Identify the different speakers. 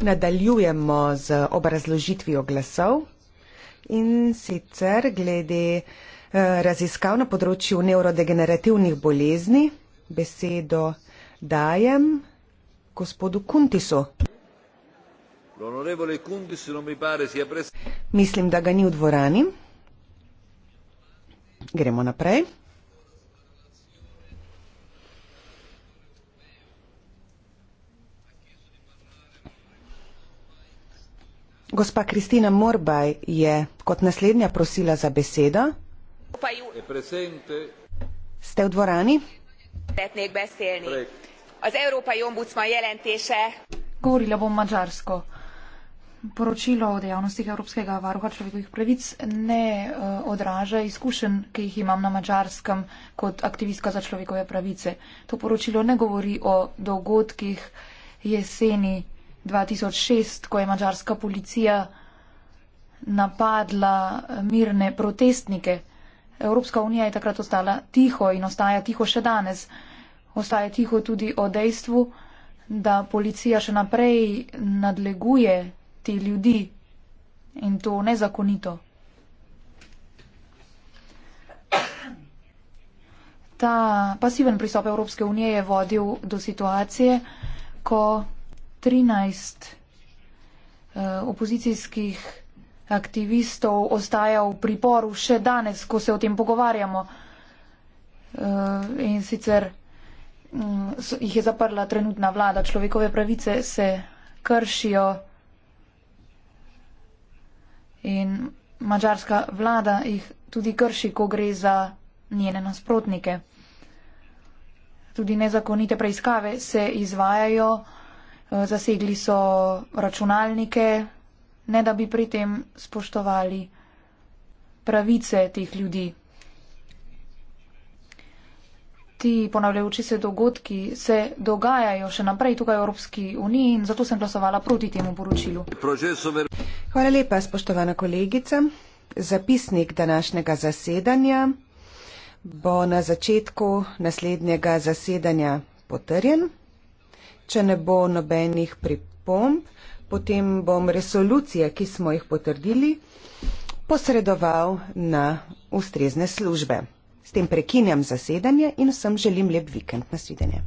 Speaker 1: Nadaljujemo z obrazložitvijo glasov in sicer glede eh, raziskav na področju neurodegenerativnih bolezni. Besedo dajem gospodu Kuntisu. Mislim, da ga ni v dvorani. Gremo naprej. Gospa Kristina Morbaj je kot naslednja prosila za besedo. Ste v dvorani?
Speaker 2: Tetnek beselni. Az Európai Ombudsman jelentése. Govorila bom mačarsko. Poročilo o dejavnostih Evropskega varuha človekovih pravic ne uh, odraža izkušenj, ki jih imam na mačarskem kot aktivistka za človekove pravice. To poročilo ne govori o dogodkih jeseni 2006, ko je mačarska policija napadla eh, mirne protestnike. Evropska unija je takrat ostala tiho in ostaja tiho še danes. Ostaja tiho tudi o dejstvu, da policija še naprej nadleguje te ljudi in to nezakonito. Ta pasiven pristop Evropske unije je vodil do situacije, ko 13 eh, opozicijskih aktivistov ostaja v priporu še danes, ko se o tem pogovarjamo. Eh, in sicer mm, jih je zaprla trenutna vlada, človekove pravice se kršijo in mađarska vlada jih tudi krši, ko gre za njene nasprotnike. Tudi nezakonite preiskave se izvajajo zasegli so računalnike, ne da bi pri tem spoštovali pravice teh ljudi. Ti ponavljajoči se dogodki se dogajajo še naprej tukaj v Evropski uniji
Speaker 1: in zato sem glasovala proti temu poročilu. Hvala lepa, spoštovana kolegica. Zapisnik današnjega zasedanja bo na začetku naslednjega zasedanja potrjen če ne bo nobenih pripomb, potem bom resolucije, ki smo jih potrdili, posredoval na ustrezne službe. S tem prekinjam zasedanje in vsem želim lep vikend. Nasvidenje.